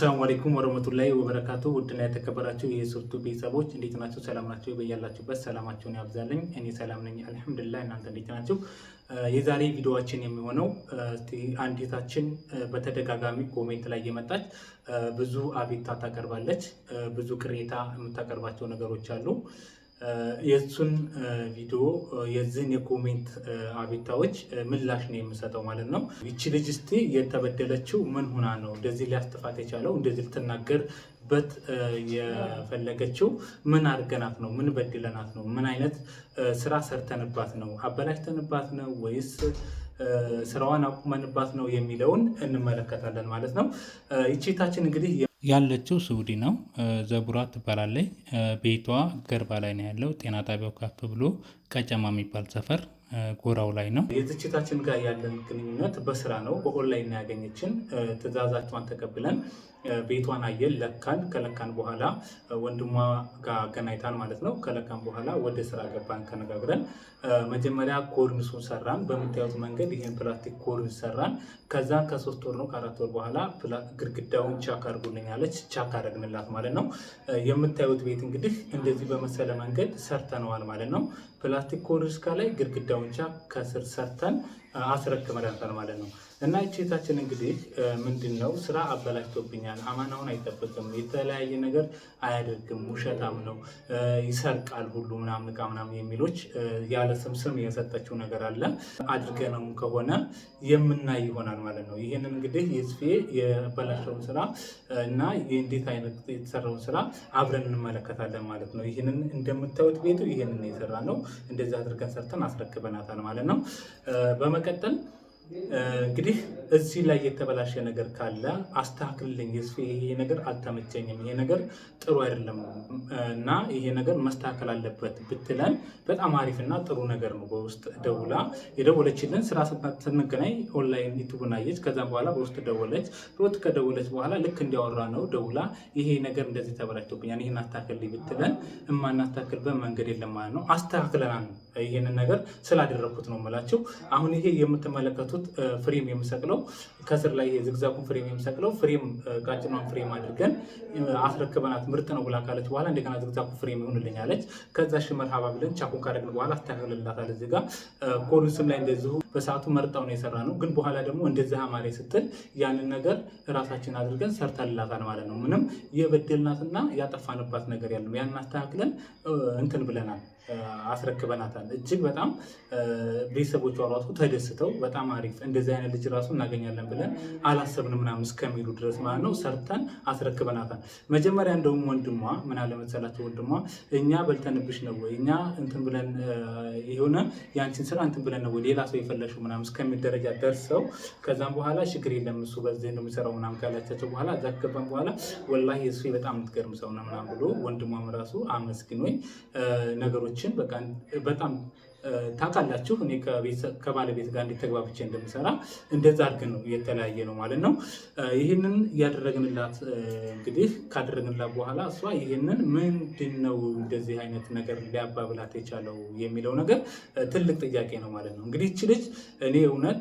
ሰላም አለይኩም ወረመቱላሂ ወበረካቱ። ውድና የተከበራችሁ የሶፍቱ ቤተሰቦች እንዴት ናቸው? ሰላም ናቸው? በያላችሁበት ሰላማቸውን ያብዛልኝ። እኔ ሰላም ነኝ አልሐምዱሊላህ። እናንተ እንዴት ናቸው? የዛሬ ቪዲዮዋችን የሚሆነው አንዲታችን በተደጋጋሚ ኮሜንት ላይ የመጣች ብዙ አቤታ ታቀርባለች። ብዙ ቅሬታ የምታቀርባቸው ነገሮች አሉ። የእሱን ቪዲዮ የዚህን የኮሜንት አቤታዎች ምላሽ ነው የምሰጠው ማለት ነው። ይቺ ልጅ እስቲ የተበደለችው ምን ሆና ነው እንደዚህ ሊያስጥፋት የቻለው እንደዚህ በት የፈለገችው ምን አድርገናት ነው? ምን በድለናት ነው? ምን አይነት ስራ ሰርተንባት ነው? አበላሽተንባት ነው ወይስ ስራዋን አቁመንባት ነው የሚለውን እንመለከታለን ማለት ነው። ይቺታችን እንግዲህ ያለችው ስዑዲ ነው። ዘቡራ ትባላለች። ቤቷ ገርባ ላይ ነው ያለው። ጤና ጣቢያው ከፍ ብሎ ቀጨማ የሚባል ሰፈር ጎራው ላይ ነው። የትችታችን ጋር ያለን ግንኙነት በስራ ነው። በኦንላይን ያገኘችን ትዕዛዛቸዋን ተቀብለን ቤቷን አየን፣ ለካን። ከለካን በኋላ ወንድሟ ጋር አገናኝታን ማለት ነው። ከለካን በኋላ ወደ ስራ ገባን ከነጋግረን። መጀመሪያ ኮርንሱን ሰራን፣ በምታዩት መንገድ ይህን ፕላስቲክ ኮርኒስ ሰራን። ከዛ ከሶስት ወር ነው ከአራት ወር በኋላ ግድግዳውን ቻክ አለች። ቻክ አደረግንላት ማለት ነው። የምታዩት ቤት እንግዲህ እንደዚህ በመሰለ መንገድ ሰርተነዋል ማለት ነው። ፕላስቲክ ኮርኒስ ከላይ ግድግዳውን ቻክ ከስር ሰርተን አስረክመናታል ማለት ነው። እና እቼታችን እንግዲህ ምንድን ነው ስራ አበላሽቶብኛል፣ አማናውን አይጠብቅም፣ የተለያየ ነገር አያደርግም፣ ውሸታም ነው፣ ይሰርቃል ሁሉ ምናምን ዕቃ ምናምን የሚሎች ያለ ስምስም የሰጠችው ነገር አለ። አድርገ ነው ከሆነ የምናይ ይሆናል ማለት ነው። ይህንን እንግዲህ የጽፌ የበላሸውን ስራ እና እንዴት አይነት የተሰራውን ስራ አብረን እንመለከታለን ማለት ነው። ይህንን እንደምታዩት ቤቱ ይህንን የሰራ ነው። እንደዚህ አድርገን ሰርተን አስረክበናታል ማለት ነው። በመቀጠል እንግዲህ እዚህ ላይ የተበላሸ ነገር ካለ አስተካክልልኝ፣ ይሄ ነገር አልተመቸኝም፣ ይሄ ነገር ጥሩ አይደለም እና ይሄ ነገር መስተካከል አለበት ብትለን በጣም አሪፍና ጥሩ ነገር ነው። በውስጥ ደውላ የደወለችልን ስራ ስንገናኝ ኦንላይን ትጉናየች። ከዛ በኋላ በውስጥ ደወለች። ሮት ከደወለች በኋላ ልክ እንዲያወራ ነው ደውላ ይሄ ነገር እንደዚህ ተበላሽቶብኛል፣ ይህን አስተካክልልኝ ብትለን እማናስተካክልበት መንገድ የለም ማለት ነው። አስተካክለናል። ይህንን ነገር ስላደረኩት ነው የምላቸው። አሁን ይሄ የምትመለከቱት የምታዩት ፍሬም የምሰቅለው ከስር ላይ የዝግዛጉን ፍሬም የምሰቅለው ፍሬም ቃጭኗን ፍሬም አድርገን አስረክበናት ምርጥ ነው ብላ ካለች በኋላ እንደገና ዝግዛጉ ፍሬም አለች። ከዛ ሽ መርሃባ ብለን ቻኩን ካደግን በኋላ አስተካክልላታል። እዚህ ጋር ኮሉስም ላይ እንደዚሁ በሰዓቱ መርጣው ነው የሰራ ነው። ግን በኋላ ደግሞ እንደዚህ አማሬ ስትል ያንን ነገር ራሳችን አድርገን ሰርተልላታል ማለት ነው። ምንም የበደልናትና ያጠፋንባት ነገር ያለም ያን አስተካክለን እንትን ብለናል። አስረክበናታል። እጅግ በጣም ቤተሰቦቿ ራሱ ተደስተው በጣም አሪፍ እንደዚህ አይነት ልጅ ራሱ እናገኛለን ብለን አላሰብን ምናምን እስከሚሉ ድረስ ማለት ነው። ሰርተን አስረክበናታል። መጀመሪያ እንደውም ወንድሟ ምን አለ ወንድሟ እኛ በልተንብሽ ነው ወይ እኛ እንትን ብለን የሆነ ያንቺን ስራ እንትን ብለን ነው ወይ ሌላ ሰው የፈለግሽው ምናምን እስከሚል ደረጃ ደርሰው ከዛም በኋላ ችግር የለም እሱ በዚህ ነው የሚሰራው ምናምን ካላቻቸው በኋላ እዛ ከገባን በኋላ ወላሂ እሱ በጣም የምትገርም ሰው ነው ምናምን ብሎ ወንድሟም ራሱ አመስግኖኝ ነገሮች ነገሮችን በጣም ታውቃላችሁ። እኔ ከባለቤት ጋር እንዴት ተግባብቼ እንደምሰራ እንደዛ አድርገን ነው የተለያየ ነው ማለት ነው። ይህንን ያደረግንላት እንግዲህ ካደረግንላት በኋላ እሷ ይህንን ምንድን ነው እንደዚህ አይነት ነገር ሊያባብላት የቻለው የሚለው ነገር ትልቅ ጥያቄ ነው ማለት ነው። እንግዲህ ይች ልጅ እኔ እውነት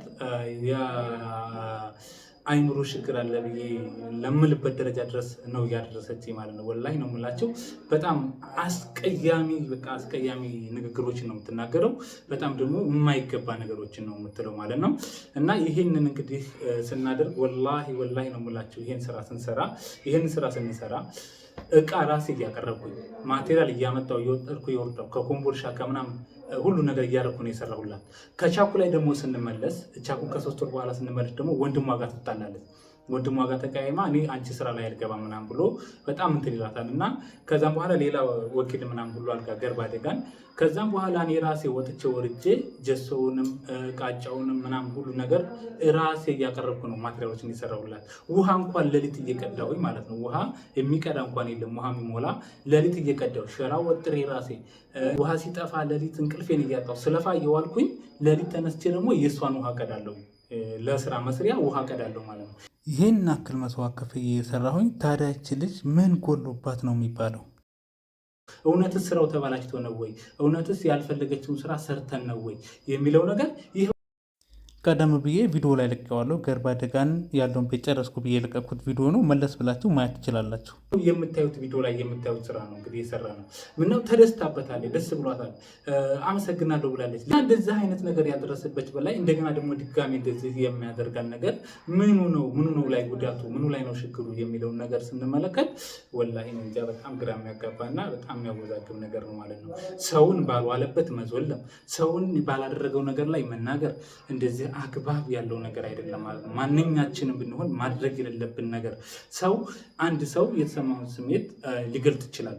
አይምሮ ችግር አለ ብዬ ለምልበት ደረጃ ድረስ ነው እያደረሰች ማለት ነው። ወላሂ ነው የምላቸው። በጣም አስቀያሚ በቃ አስቀያሚ ንግግሮችን ነው የምትናገረው። በጣም ደግሞ የማይገባ ነገሮችን ነው የምትለው ማለት ነው። እና ይህንን እንግዲህ ስናደርግ ወላሂ ወላሂ ነው የምላቸው። ይህን ስራ ስንሰራ ይህን ስራ ስንሰራ እቃ ራሴ እያቀረብኩኝ ማቴሪያል እያመጣው እየወጠርኩ የወርዳው ከኮምቦልሻ ከምናምን ሁሉ ነገር እያደረኩ ነው የሰራሁላት። ከቻኩ ላይ ደግሞ ስንመለስ ቻኩን ከሶስት ወር በኋላ ስንመለስ ደግሞ ወንድሟ ጋር ትጣላለች። ወንድሟ ጋር ተቀያይማ እኔ አንቺ ስራ ላይ አልገባ ምናም ብሎ በጣም እንትን ይላታል። እና ከዛም በኋላ ሌላ ወኪል ምናም ብሎ አልጋ ገርባ አደጋን። ከዛም በኋላ እኔ ራሴ ወጥቼ ወርጄ ጀሶውንም ቃጫውንም ምናም ሁሉ ነገር ራሴ እያቀረብኩ ነው ማትሪያሎችን የሰራሁላት። ውሃ እንኳን ለሊት እየቀዳሁ ማለት ነው። ውሃ የሚቀዳ እንኳን የለም። ውሃ የሚሞላ ለሊት እየቀዳሁ ሸራ ወጥሬ ራሴ ውሃ ሲጠፋ ለሊት እንቅልፌን እያጣሁ ስለፋ እየዋልኩኝ ለሊት ተነስቼ ደግሞ የእሷን ውሃ ቀዳለሁ። ለስራ መስሪያ ውሃ ቀዳለሁ ማለት ነው። ይህን አክል መስዋዕት ከፍዬ የሰራሁኝ ታዲያች ልጅ ምን ጎሎባት ነው የሚባለው? እውነትስ ስራው ተበላሽቶ ነው ወይ? እውነትስ ያልፈለገችውን ስራ ሰርተን ነው ወይ የሚለው ነገር ይህ ቀደም ብዬ ቪዲዮ ላይ ልቀዋለሁ። ገርባ ደጋን ያለውን ቤት ጨረስኩ ብዬ የለቀኩት ቪዲዮ ነው። መለስ ብላችሁ ማየት ትችላላችሁ። የምታዩት ቪዲዮ ላይ የምታዩት ስራ ነው እንግዲህ የሰራ ነው። ምነው ተደስታበታለች፣ ደስ ብሏታል፣ አመሰግናለሁ ብላለች። እንደዚህ አይነት ነገር ያደረሰበች በላይ እንደገና ደግሞ ድጋሚ እንደዚህ የሚያደርጋን ነገር ምኑ ነው? ምኑ ነው ላይ ጉዳቱ ምኑ ላይ ነው ችግሩ የሚለውን ነገር ስንመለከት ወላሂ እንጃ በጣም ግራ የሚያጋባና በጣም የሚያወዛግብ ነገር ነው ማለት ነው። ሰውን ባልዋለበት መዞለም፣ ሰውን ባላደረገው ነገር ላይ መናገር እንደዚህ አግባብ ያለው ነገር አይደለም ማለት ነው። ማንኛችንም ብንሆን ማድረግ የሌለብን ነገር ሰው አንድ ሰው የተሰማውን ስሜት ሊገልጥ ይችላል፣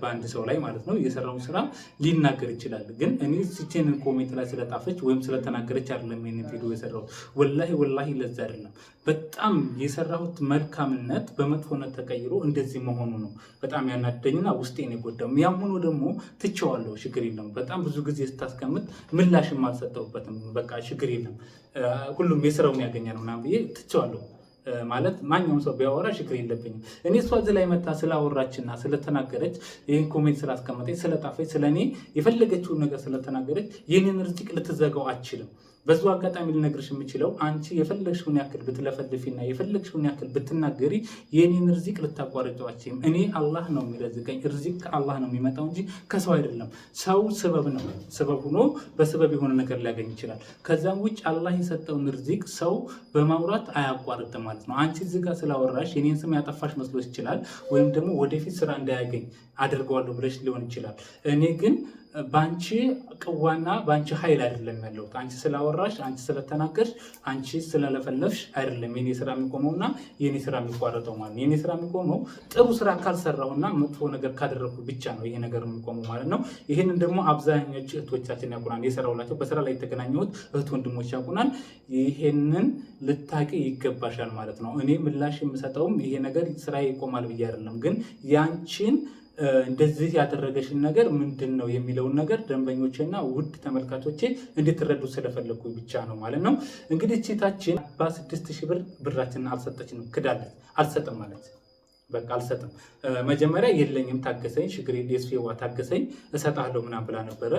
በአንድ ሰው ላይ ማለት ነው። የሰራውን ስራ ሊናገር ይችላል። ግን እኔ ስቼን ኮሜንት ላይ ስለጣፈች ወይም ስለተናገረች አይደለም ይህን ቪዲዮ የሰራሁት። ወላሂ ወላሂ ለዛ አይደለም። በጣም የሰራሁት መልካምነት በመጥፎነት ተቀይሮ እንደዚህ መሆኑ ነው በጣም ያናደኝና ውስጤን የጎዳም። ያም ሆኖ ደግሞ ትቼዋለሁ፣ ችግር የለም። በጣም ብዙ ጊዜ ስታስቀምጥ ምላሽም አልሰጠሁበትም። በቃ ችግር የለም ሁሉም የስራውን ያገኛል ምናምን ብዬ ትቸዋለሁ። ማለት ማንኛውም ሰው ቢያወራ ችግር የለብኝም። እኔ እሷ እዚህ ላይ መታ ስላወራችና ስለተናገረች ይህን ኮሜንት ስላስቀመጠች ስለጣፈች፣ ስለእኔ የፈለገችውን ነገር ስለተናገረች ይህንን ርጭቅ ልትዘጋው አችልም። በዙ አጋጣሚ ልነግርሽ የምችለው አንቺ የፈለግሽውን ያክል ብትለፈልፊና የፈለግሽውን ያክል ብትናገሪ የኔን ርዚቅ ልታቋርጫችም። እኔ አላህ ነው የሚረዝቀኝ። ርዚቅ ከአላህ ነው የሚመጣው እንጂ ከሰው አይደለም። ሰው ስበብ ነው። ስበብ ሆኖ በስበብ የሆነ ነገር ሊያገኝ ይችላል። ከዛም ውጭ አላህ የሰጠውን ርዚቅ ሰው በማውራት አያቋርጥም ማለት ነው። አንቺ እዚህ ጋር ስላወራሽ የኔን ስም ያጠፋሽ መስሎች ይችላል። ወይም ደግሞ ወደፊት ስራ እንዳያገኝ አድርገዋለሁ ብለሽ ሊሆን ይችላል። እኔ ግን በአንቺ ቅዋና በአንቺ ኃይል አይደለም ያለሁት። አንቺ ስላወራሽ፣ አንቺ ስለተናገርሽ፣ አንቺ ስለለፈለፍሽ አይደለም የኔ ስራ የሚቆመውና የኔ ስራ የሚቋረጠው ማለት ነው። የኔ ስራ የሚቆመው ጥሩ ስራ ካልሰራውና መጥፎ ነገር ካደረግኩ ብቻ ነው ይሄ ነገር የሚቆመው ማለት ነው። ይህንን ደግሞ አብዛኞች እህቶቻችን ያውቁናል። የስራ በስራ ላይ የተገናኘሁት እህት ወንድሞች ያውቁናል። ይሄንን ልታቂ ይገባሻል ማለት ነው። እኔ ምላሽ የምሰጠውም ይሄ ነገር ስራ ይቆማል ብዬ አይደለም ግን ያንቺን እንደዚህ ያደረገሽን ነገር ምንድን ነው የሚለውን ነገር ደንበኞቼና ውድ ተመልካቾቼ እንድትረዱ ስለፈለግኩ ብቻ ነው ማለት ነው። እንግዲህ ቼታችን አርባ ስድስት ሺህ ብር ብራችንን አልሰጠችንም፣ ክዳለች። አልሰጥም ማለት በቃ አልሰጥም። መጀመሪያ የለኝም ታገሰኝ፣ ሽግሬ ዴስፌዋ ታገሰኝ፣ እሰጣለሁ ምና ብላ ነበረ።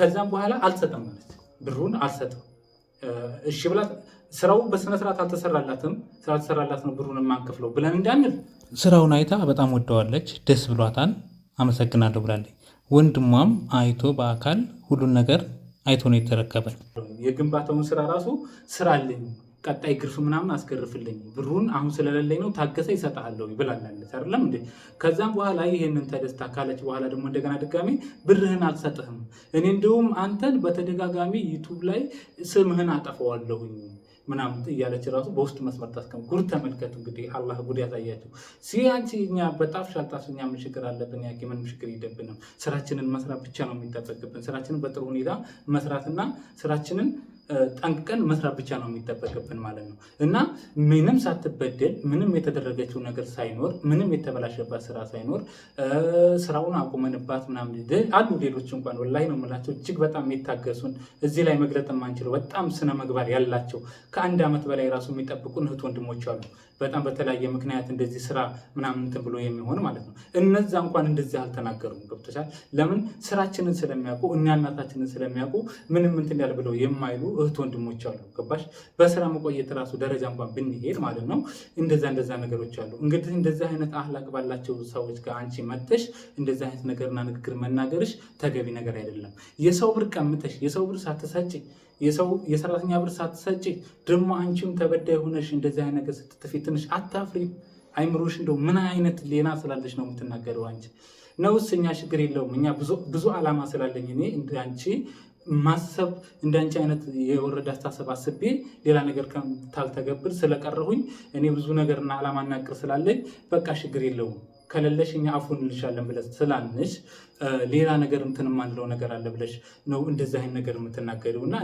ከዛም በኋላ አልሰጥም ማለት ብሩን አልሰጥም እሺ ብላ ስራው በስነስርዓት አልተሰራላትም ስራ ተሰራላት ነው ብሩን የማንከፍለው ብለን እንዳንል ስራውን አይታ በጣም ወደዋለች፣ ደስ ብሏታል፣ አመሰግናለሁ ብላለች። ወንድሟም አይቶ በአካል ሁሉን ነገር አይቶ ነው የተረከበ። የግንባታውን ስራ ራሱ ስራልኝ፣ ቀጣይ ግርፍ ምናምን አስገርፍልኝ፣ ብሩን አሁን ስለሌለኝ ነው ታገሰ ይሰጣለሁ ብላለች አይደለም እንዴ? ከዛም በኋላ ይህንን ተደስታ ካለች በኋላ ደግሞ እንደገና ድጋሚ ብርህን አልሰጥህም፣ እኔ እንዲሁም አንተን በተደጋጋሚ ዩቱብ ላይ ስምህን አጠፋዋለሁኝ ምናምን እያለች ራሱ በውስጥ መስመር ታስቀም። ጉድ ተመልከቱ እንግዲህ አላህ ጉድ ያሳያቸው። ሲ አንቺ እኛ በጣፍ ሻልጣፍ እኛ ምን ችግር አለብን? ያ ምን ችግር ይደብንም? ስራችንን መስራት ብቻ ነው የሚጠበቅብን። ስራችንን በጥሩ ሁኔታ መስራትና ስራችንን ጠንቅቀን መስራት ብቻ ነው የሚጠበቅብን ማለት ነው። እና ምንም ሳትበደል ምንም የተደረገችው ነገር ሳይኖር ምንም የተበላሸባት ስራ ሳይኖር ስራውን አቁመንባት ምናምን አሉ ሌሎች እንኳን ወላሂ ነው የምላቸው እጅግ በጣም የታገሱን እዚህ ላይ መግለጥ የማንችለው በጣም ስነ ምግባር ያላቸው ከአንድ ዓመት በላይ ራሱ የሚጠብቁን እህት ወንድሞች አሉ። በጣም በተለያየ ምክንያት እንደዚህ ስራ ምናምን እንትን ብሎ የሚሆን ማለት ነው። እነዛ እንኳን እንደዚህ አልተናገሩም። ገብቶሻል። ለምን ስራችንን ስለሚያውቁ እኛ እናታችንን ስለሚያውቁ ምንም እንትን ያል ብለው የማይሉ እህት ወንድሞች አሉ። ገባሽ? በስራ መቆየት ራሱ ደረጃ እንኳን ብንሄድ ማለት ነው እንደዛ እንደዛ ነገሮች አሉ። እንግዲህ እንደዚህ አይነት አህላቅ ባላቸው ሰዎች ጋር አንቺ መተሽ እንደዚህ አይነት ነገርና ንግግር መናገርሽ ተገቢ ነገር አይደለም። የሰው ብር ቀምተሽ የሰው ብር ሳትሰጪ የሰው የሰራተኛ ብር ሳትሰጪ ደግሞ አንቺም ተበዳይ ሆነሽ እንደዚህ አይነት ነገር ስትጥፊ ትንሽ አታፍሪም? አይምሮሽ እንደው ምን አይነት ሌና ስላለች ነው የምትናገረው አንቺ? ነውስ እኛ ችግር የለውም እኛ ብዙ ዓላማ ስላለኝ እኔ እንደ አንቺ ማሰብ እንዳንቺ አይነት የወረደ አስተሳሰብ አስቤ ሌላ ነገር ታልተገብር ስለቀረሁኝ እኔ ብዙ ነገርና እናቅር ስላለኝ በቃ ችግር የለውም ከሌለሽ እኛ አፉ እንልሻለን ብለሽ ስላንሽ ሌላ ነገር እንትን የማንለው ነገር አለ ብለሽ ነው እንደዚህ አይነት ነገር የምትናገሪው እና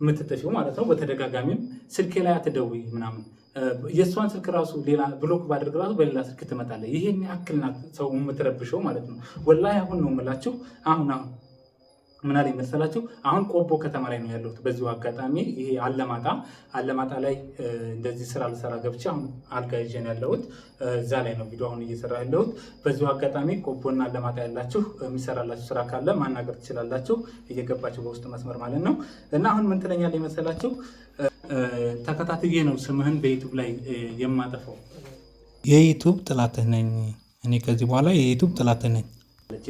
የምትጠፊው ማለት ነው። በተደጋጋሚም ስልኬ ላይ አትደውይ ምናምን የእሷን ስልክ ራሱ ሌላ ብሎክ ባደርግ ራሱ በሌላ ስልክ ትመጣለ ይሄን ያክል ናት ሰው የምትረብሸው ማለት ነው። ወላሂ አሁን ነው የምላችሁ አሁን አሁን ምን አለኝ አሁን ቆቦ ከተማ ላይ ነው ያለሁት። በዚሁ አጋጣሚ ይሄ አለማጣ አለማጣ ላይ እንደዚህ ስራ ልሰራ ገብቼ አሁን አልጋ ይዤ ያለሁት። እዛ ላይ ነው ቪዲዮ አሁን እየሰራ ያለሁት። በዚሁ አጋጣሚ ቆቦና አለማጣ ያላችሁ የሚሰራላችሁ ስራ ካለ ማናገር ትችላላችሁ፣ እየገባችሁ በውስጥ መስመር ማለት ነው። እና አሁን ምን ትለኛለህ መሰላችሁ? ተከታትዬ ነው ስምህን በዩቱብ ላይ የማጠፋው። የዩቱብ ጥላትህ ነኝ እኔ ከዚህ በኋላ የዩቱብ ጥላትህ ነኝ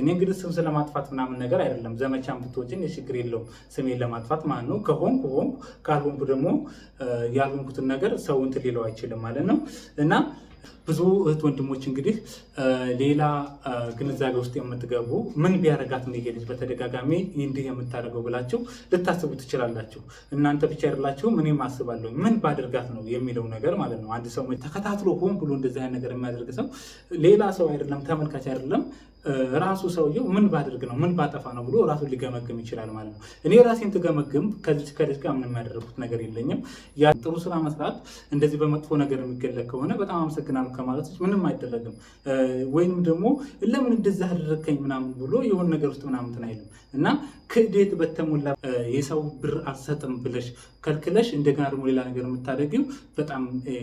እኔ እንግዲህ ስም ስለማጥፋት ምናምን ነገር አይደለም። ዘመቻን ብትወጪን የችግር የለውም ስሜን ለማጥፋት ማለት ነው። ከሆንኩ ሆንኩ፣ ካልሆንኩ ደግሞ ያልሆንኩትን ነገር ሰው እንትን ሌለው አይችልም ማለት ነው እና ብዙ እህት ወንድሞች እንግዲህ ሌላ ግንዛቤ ውስጥ የምትገቡ ምን ቢያደርጋት ነው በተደጋጋሚ እንዲህ የምታደርገው ብላችሁ ልታስቡ ትችላላችሁ። እናንተ ብቻ አይደላችሁም፣ እኔም አስባለሁ ምን ባደርጋት ነው የሚለው ነገር ማለት ነው። አንድ ሰው ተከታትሎ ሆን ብሎ እንደዚህ አይነት ነገር የሚያደርግ ሰው ሌላ ሰው አይደለም፣ ተመልካች አይደለም፣ ራሱ ሰውየው ምን ባደርግ ነው ምን ባጠፋ ነው ብሎ ራሱን ሊገመግም ይችላል ማለት ነው። እኔ ራሴን ትገመግም ከልጅ ከልጅ ጋር ምንም ያደረጉት ነገር የለኝም። ያ ጥሩ ስራ መስራት እንደዚህ በመጥፎ ነገር የሚገለግ ከሆነ በጣም አመሰግናለሁ ከማለት ምንም አይደረግም። ወይም ደግሞ ለምን እንደዛ አደረግከኝ ምናምን ብሎ የሆነ ነገር ውስጥ ምናምንትን አይልም እና ክዴት በተሞላ የሰው ብር አልሰጥም ብለሽ ከልክለሽ እንደገና ደግሞ ሌላ ነገር የምታደርጊው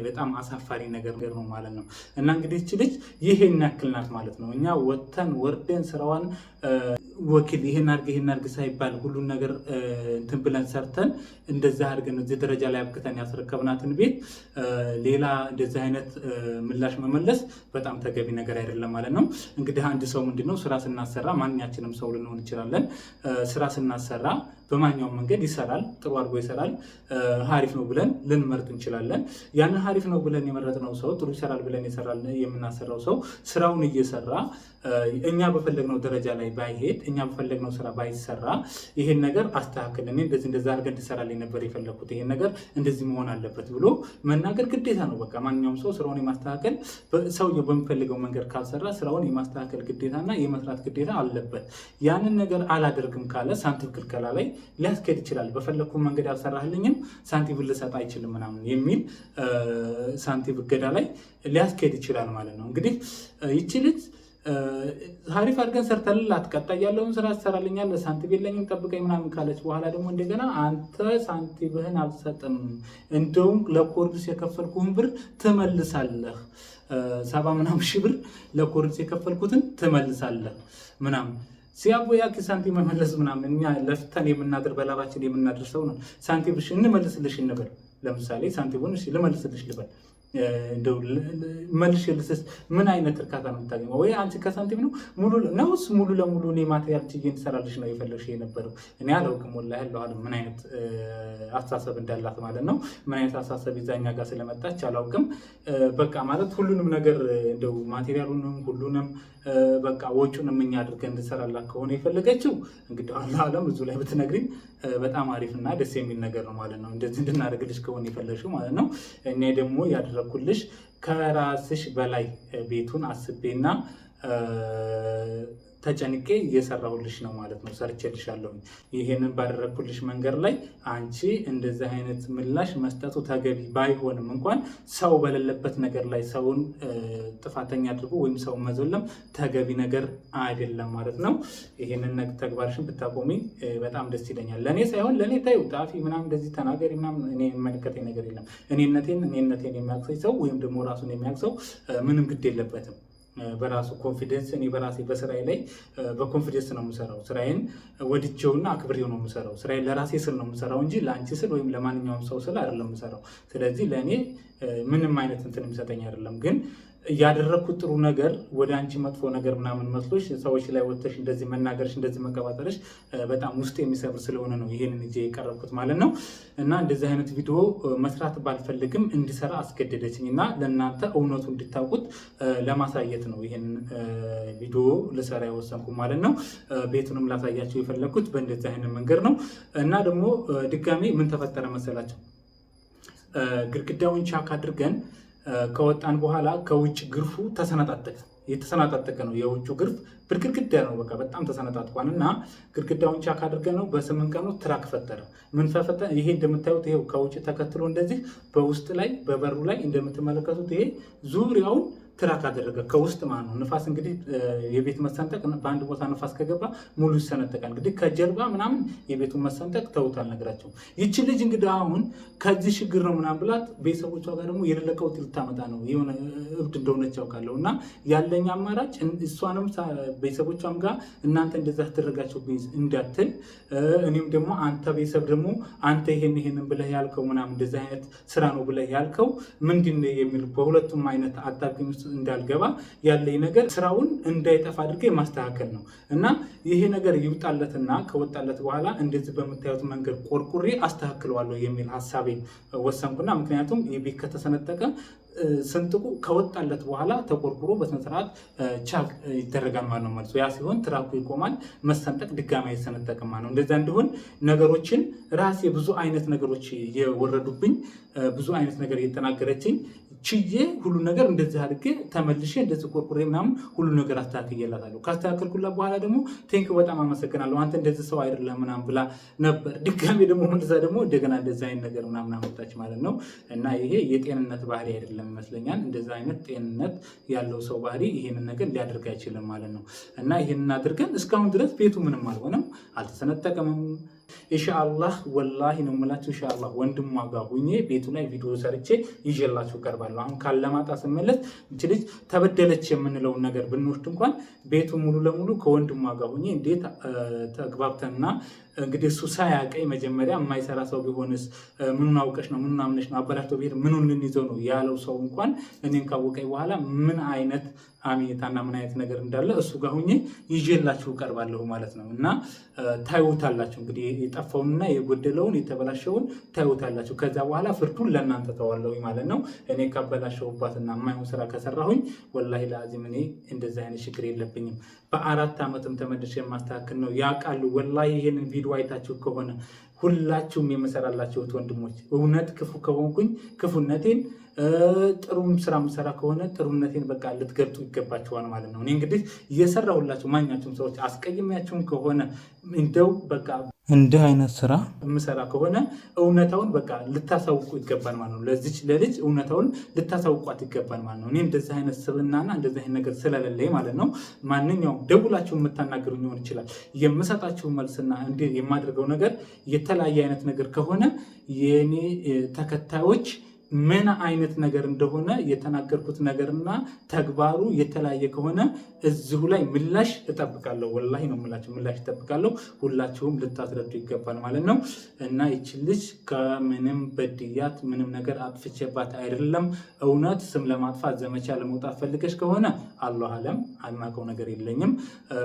በጣም አሳፋሪ ነገር ነው ማለት ነው። እና እንግዲህ እች ልጅ ይሄን ያክል ናት ማለት ነው። እኛ ወተን ወርደን ስራዋን ወኪል ይሄን አድርግ ይሄን አድርግ ሳይባል ሁሉን ነገር እንትን ብለን ሰርተን እንደዛ አድርገን እዚህ ደረጃ ላይ አብክተን ያስረከብናትን ቤት ሌላ እንደዚህ አይነት ምላሽ መመለስ በጣም ተገቢ ነገር አይደለም ማለት ነው። እንግዲህ አንድ ሰው ምንድነው ስራ ስናሰራ ማንኛችንም ሰው ልንሆን እንችላለን። ስራ ስናሰራ በማንኛውም መንገድ ይሰራል፣ ጥሩ አድርጎ ይሰራል፣ ሀሪፍ ነው ብለን ልንመርጥ እንችላለን። ያንን ሀሪፍ ነው ብለን የመረጥነው ሰው ጥሩ ይሰራል ብለን የምናሰራው ሰው ስራውን እየሰራ እኛ በፈለግነው ደረጃ ላይ ባይሄድ፣ እኛ በፈለግነው ስራ ባይሰራ፣ ይሄን ነገር አስተካክል፣ እኔ እንደዚህ እንደዛ አድርገህ እንድትሰራልኝ ነበር የፈለግኩት፣ ይሄን ነገር እንደዚህ መሆን አለበት ብሎ መናገር ግዴታ ነው። በቃ ማንኛውም ሰው ስራውን የማስተካከል ሰውየው በሚፈልገው መንገድ ካልሰራ ስራውን የማስተካከል ግዴታና የመስራት ግዴታ አለበት። ያንን ነገር አላደርግም ካለ ሳንቲም ክልከላ ላይ ሊያስኬድ ይችላል። በፈለግኩ መንገድ አልሰራህልኝም ሳንቲም ልሰጥ አይችልም ምናምን የሚል ሳንቲም እገዳ ላይ ሊያስኬድ ይችላል ማለት ነው። እንግዲህ ይቺ ልጅ ሀሪፍ አድርገን ሰርተንላት ቀጣይ ያለውን ስራ ትሰራልኛለህ፣ ሳንቲም የለኝም ጠብቀኝ ምናምን ካለች በኋላ ደግሞ እንደገና አንተ ሳንቲምህን አልሰጥም፣ እንደውም ለኮርዱስ የከፈልኩህን ብር ትመልሳለህ፣ ሰባ ምናምን ሺህ ብር ለኮርዱስ የከፈልኩትን ትመልሳለህ ምናምን ሲያቦ ያ ሳንቲም መመለስ ምናምን እኛ ለፍተን የምናድር በላባችን የምናድር ሰው ነው። ሳንቲምሽ እንመልስልሽ እንበል። ለምሳሌ ሳንቲሙን ልመልስልሽ ልበል መልሽ ልስስ ምን አይነት እርካታ ነው የምታገኘው? ወይ አንቺ ከሳንቲም ነው ሙሉ ነውስ ሙሉ ለሙሉ እኔ ማቴሪያል ችዬ እንሰራልሽ ነው የፈለግሽ የነበረው? እኔ አላውቅም ወላ ያለዋል ምን አይነት አስተሳሰብ እንዳላት ማለት ነው። ምን አይነት አስተሳሰብ ይዛኛ ጋር ስለመጣች አላውቅም። በቃ ማለት ሁሉንም ነገር እንደው ማቴሪያሉንም ሁሉንም በቃ ወጪውንም እኛ አድርገን እንድሰራላት ከሆነ የፈለገችው እንግዲህ አለም እዙ ላይ ብትነግሪኝ በጣም አሪፍና ደስ የሚል ነገር ነው ማለት ነው። እንደዚህ እንድናደርግልሽ ከሆነ የፈለግሽው ማለት ነው እኔ ደግሞ ያደረ ያደረኩልሽ ከራስሽ በላይ ቤቱን አስቤና ተጨንቄ እየሰራሁልሽ ነው ማለት ነው፣ ሰርቼልሻለሁ። ይህንን ባደረግኩልሽ መንገድ ላይ አንቺ እንደዚህ አይነት ምላሽ መስጠቱ ተገቢ ባይሆንም እንኳን ሰው በሌለበት ነገር ላይ ሰውን ጥፋተኛ አድርጎ ወይም ሰውን መዘለም ተገቢ ነገር አይደለም ማለት ነው። ይህንን ተግባርሽን ብታቆሚ በጣም ደስ ይለኛል። ለእኔ ሳይሆን ለእኔ ታዩ ጣፊ ምናም እንደዚህ ተናገሪ ምናምን እኔ የመለከተኝ ነገር የለም። እኔነቴን እኔነቴን የሚያቅሰኝ ሰው ወይም ደግሞ ራሱን የሚያቅሰው ምንም ግድ የለበትም። በራሱ ኮንፊደንስ እኔ በራሴ በስራዬ ላይ በኮንፊደንስ ነው የምሰራው። ስራዬን ወድጄውና አክብሬው ነው የምሰራው። ስራዬን ለራሴ ስል ነው የምሰራው እንጂ ለአንቺ ስል ወይም ለማንኛውም ሰው ስል አይደለም የምሰራው። ስለዚህ ለእኔ ምንም አይነት እንትን የሚሰጠኝ አይደለም ግን ያደረግኩት ጥሩ ነገር ወደ አንቺ መጥፎ ነገር ምናምን መስሎች ሰዎች ላይ ወጥተሽ እንደዚህ መናገርሽ እንደዚህ መቀባጠርሽ በጣም ውስጥ የሚሰብር ስለሆነ ነው ይህንን እጄ የቀረብኩት ማለት ነው። እና እንደዚህ አይነት ቪዲዮ መስራት ባልፈልግም እንዲሰራ አስገደደችኝ እና ለእናንተ እውነቱ እንድታውቁት ለማሳየት ነው ይህን ቪዲዮ ልሰራ የወሰንኩ ማለት ነው። ቤቱንም ላሳያቸው የፈለግኩት በእንደዚህ አይነት መንገድ ነው እና ደግሞ ድጋሜ ምን ተፈጠረ መሰላቸው ግድግዳውን ቻክ አድርገን ከወጣን በኋላ ከውጭ ግርፉ ተሰነጣጠቀ የተሰናጣጠቀ ነው የውጭ ግርፍ ግድግዳ ነው በቃ በጣም ተሰነጣጥቋን እና ግድግዳውን ቻክ አድርገን ነው በስምንት ቀን ውስጥ ትራክ ፈጠረ። ምን ፈፈጠ? ይሄ እንደምታዩት ይሄው ከውጭ ተከትሎ እንደዚህ በውስጥ ላይ በበሩ ላይ እንደምትመለከቱት ይሄ ዙሪያውን ትራክ አደረገ ከውስጥ ማለት ነው። ንፋስ እንግዲህ የቤት መሰንጠቅ በአንድ ቦታ ንፋስ ከገባ ሙሉ ይሰነጠቃል። እንግዲህ ከጀርባ ምናምን የቤቱን መሰንጠቅ ተውታል ነገራቸው። ይቺ ልጅ እንግዲህ አሁን ከዚህ ችግር ነው ምናምን ብላት ቤተሰቦቿ ጋር ደግሞ የሌለ ልታመጣ ነው። የሆነ እብድ እንደሆነች ያውቃለሁ እና ያለኝ አማራጭ እሷንም ቤተሰቦቿም ጋር እናንተ እንደዛ አደረጋቸው እንዳትል፣ እኔም ደግሞ አንተ ቤተሰብ ደግሞ አንተ ይሄን ይሄንን ብለህ ያልከው ምናምን እንደዚ አይነት ስራ ነው ብለህ ያልከው ምንድን ነው የሚል በሁለቱም አይነት አጣብቂኝ ውስጥ እንዳልገባ ያለኝ ነገር ስራውን እንዳይጠፋ አድርገህ ማስተካከል ነው እና ይሄ ነገር ይውጣለትና ከወጣለት በኋላ እንደዚህ በምታዩት መንገድ ቆርቁሬ አስተካክለዋለሁ የሚል ሀሳቤን ወሰንኩና ምክንያቱም ይህ ቤት ከተሰነጠቀ ስንጥቁ ከወጣለት በኋላ ተቆርቁሮ በስነስርዓት ቻክ ይደረጋል ማለት ነው። መልሶ ያ ሲሆን ትራኩ ይቆማል። መሰንጠቅ ድጋሚ አይሰነጠቅም ነው። እንደዚያ እንዲሆን ነገሮችን ራሴ ብዙ አይነት ነገሮች የወረዱብኝ ብዙ አይነት ነገር እየተናገረችኝ ችዬ ሁሉ ነገር እንደዚህ አድርጌ ተመልሼ እንደዚህ ቆርቁሬ ምናምን ሁሉ ነገር አስተካክያላታለሁ። ካስተካከልኩላት በኋላ ደግሞ ቴንክ በጣም አመሰግናለሁ አንተ እንደዚህ ሰው አይደለም ምናምን ብላ ነበር። ድጋሚ ደግሞ እንደዛ ደግሞ እንደገና እንደዚህ አይነት ነገር ምናምን አመጣች ማለት ነው። እና ይሄ የጤንነት ባህሪ አይደለም። አይደለም ይመስለኛል። እንደዚህ አይነት ጤንነት ያለው ሰው ባህሪ ይህንን ነገር ሊያደርግ አይችልም ማለት ነው እና ይህንን አድርገን እስካሁን ድረስ ቤቱ ምንም አልሆነም፣ አልተሰነጠቀምም ኢንሻአላህ ወላሂ ነው የምላችሁ። ኢንሻአላህ ወንድሟ ጋር ሁኜ ቤቱ ላይ ቪዲዮ ሰርቼ ይዤላችሁ እቀርባለሁ። አሁን ካለማጣ ስመለስ እች ልጅ ተበደለች የምንለውን ነገር ብንወስድ እንኳን ቤቱ ሙሉ ለሙሉ ከወንድሟ ጋር ሁኜ እንዴት ተግባብተንና እንግዲህ እሱ ሳያቀኝ መጀመሪያ የማይሰራ ሰው ቢሆንስ ምኑን አውቀሽ ነው ምኑን አምነሽ ነው አበላሽቶ ብሄድ ምኑን ልንይዘው ነው ያለው ሰው እንኳን እኔን ካወቀኝ በኋላ ምን አይነት ሀሜታና ምን አይነት ነገር እንዳለ እሱ ጋር ሁኜ ይዤላችሁ ቀርባለሁ ማለት ነው። እና ታዩታላችሁ እንግዲህ የጠፋውንና የጎደለውን የተበላሸውን ታዩታላችሁ። ከዛ በኋላ ፍርዱን ለእናንተ ተዋለሁ ማለት ነው። እኔ ካበላሸሁባትና የማይሆን ስራ ከሰራሁኝ ወላሂ ለአዚም እኔ እንደዚህ አይነት ችግር የለብኝም። በአራት ዓመትም ተመልሼ የማስተካክል ነው ያውቃሉ። ወላሂ ይህንን ቪዲዮ አይታችሁ ከሆነ ሁላችሁም የምሰራላችሁት ወንድሞች እውነት ክፉ ከሆንኩኝ ክፉነቴን፣ ጥሩም ስራ ምሰራ ከሆነ ጥሩነቴን በቃ ልትገልጡ ይገባችኋል ማለት ነው። እኔ እንግዲህ እየሰራሁላችሁ ማኛችሁም ሰዎች አስቀይሜያችሁም ከሆነ እንደው በቃ እንዲህ አይነት ስራ የምሰራ ከሆነ እውነታውን በቃ ልታሳውቁ ይገባል ማለት ነው። ለዚች ለልጅ እውነታውን ልታሳውቋት ይገባል ማለት ነው። እኔ እንደዚህ አይነት ስብናና እንደዚህ አይነት ነገር ስለሌለኝ ማለት ነው። ማንኛውም ደውላችሁ የምታናገሩ ሊሆን ይችላል። የምሰጣችሁ መልስና እንዲህ የማደርገው ነገር የተለያየ አይነት ነገር ከሆነ የእኔ ተከታዮች ምን አይነት ነገር እንደሆነ የተናገርኩት ነገርና ተግባሩ የተለያየ ከሆነ እዚሁ ላይ ምላሽ እጠብቃለሁ። ወላሂ ነው የምላቸው፣ ምላሽ እጠብቃለሁ። ሁላችሁም ልታስረዱ ይገባል ማለት ነው። እና ይች ልጅ ከምንም በድያት ምንም ነገር አጥፍቼባት አይደለም። እውነት ስም ለማጥፋት ዘመቻ ለመውጣት ፈልገሽ ከሆነ አላህ አለም፣ አናውቀው ነገር የለኝም።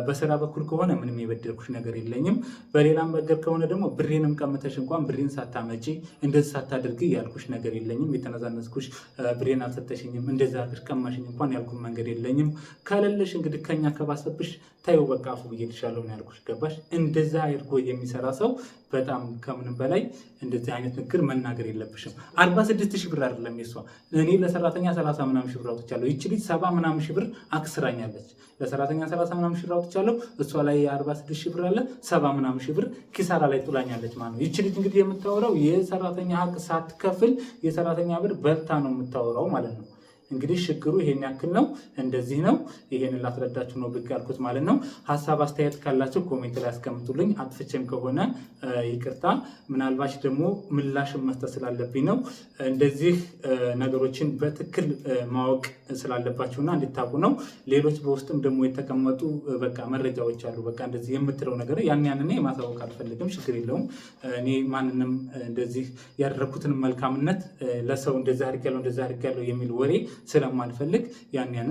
በስራ በኩል ከሆነ ምንም የበደልኩሽ ነገር የለኝም። በሌላም ነገር ከሆነ ደግሞ ብሬንም ቀምተሽ እንኳን ብሬን ሳታመጪ እንደዚህ ሳታደርግ ያልኩሽ ነገር የለኝም የተነዛነዝኩሽ፣ ብሬን አልሰጠሽኝም፣ እንደዚ አድርገሽ ቀማሽኝ እንኳን ያልኩት መንገድ የለኝም ከሌለሽ እንግዲህ ከኛ ከባሰብሽ ታዩ በቃ አፉ ብዬልሻለሁ ያልኩሽ። ገባሽ? እንደዛ አድርጎ የሚሰራ ሰው በጣም ከምንም በላይ እንደዚህ አይነት ንግግር መናገር የለብሽም። አርባ ስድስት ሺህ ብር አይደለም የሷ እኔ ለሰራተኛ ሰላሳ ምናምን ሺህ ብር አውጥቻለሁ። ልጅ ሰባ ምናምን ሺህ ብር አክስራኛለች። ለሰራተኛ ሰላሳ ምናምን ሺህ ብር አውጥቻለሁ። እሷ ላይ የአርባ ስድስት ሺህ ብር አለ ሰባ ምናምን ሺህ ብር ኪሳራ ላይ ጥላኛለች ማለት ነው። ይች ልጅ እንግዲህ የምታወራው የሰራተኛ ሀቅ ሳትከፍል የሰራተኛ ብር በልታ ነው የምታወራው ማለት ነው። እንግዲህ ችግሩ ይሄን ያክል ነው፣ እንደዚህ ነው። ይሄን ላስረዳችሁ ነው ብቅ ያልኩት ማለት ነው። ሀሳብ አስተያየት ካላችሁ ኮሜንት ላይ ያስቀምጡልኝ። አጥፍቼም ከሆነ ይቅርታ፣ ምናልባች ደግሞ ምላሽ መስጠት ስላለብኝ ነው። እንደዚህ ነገሮችን በትክክል ማወቅ ስላለባችሁና እንዲታቁ ነው። ሌሎች በውስጥም ደግሞ የተቀመጡ በቃ መረጃዎች አሉ። በቃ እንደዚህ የምትለው ነገር ያን ያን እኔ ማሳወቅ አልፈልግም፣ ችግር የለውም። እኔ ማንንም እንደዚህ ያደረኩትን መልካምነት ለሰው እንደዚህ አድርጌያለሁ እንደዚህ አድርጌያለሁ የሚል ወሬ ስለማልፈልግ ያን ያን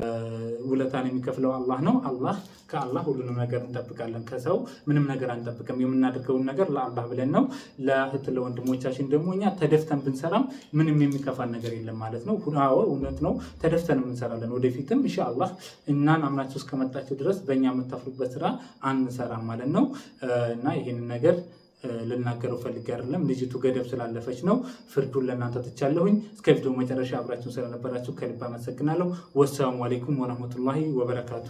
ውለታን የሚከፍለው አላህ ነው። አላህ ከአላህ ሁሉንም ነገር እንጠብቃለን። ከሰው ምንም ነገር አንጠብቅም። የምናደርገውን ነገር ለአላህ ብለን ነው። ለእህት ለወንድሞቻችን ደግሞ እኛ ተደፍተን ብንሰራም ምንም የሚከፋን ነገር የለም ማለት ነው። አዎ እውነት ነው። ተደፍተን እንሰራለን። ወደፊትም ኢንሻአላህ እናን አምናችሁ እስከመጣችሁ ድረስ በእኛ የምታፍሩበት ስራ አንሰራም ማለት ነው እና ይህንን ነገር ልናገረው ፈልጌ አይደለም። ልጅቱ ገደብ ስላለፈች ነው። ፍርዱን ለእናንተ ትቻለሁኝ። እስከ ቪዲዮ መጨረሻ አብራችሁን ስለነበራችሁ ከልብ አመሰግናለሁ። ወሰላሙ አሌይኩም ወረህመቱላሂ ወበረካቱ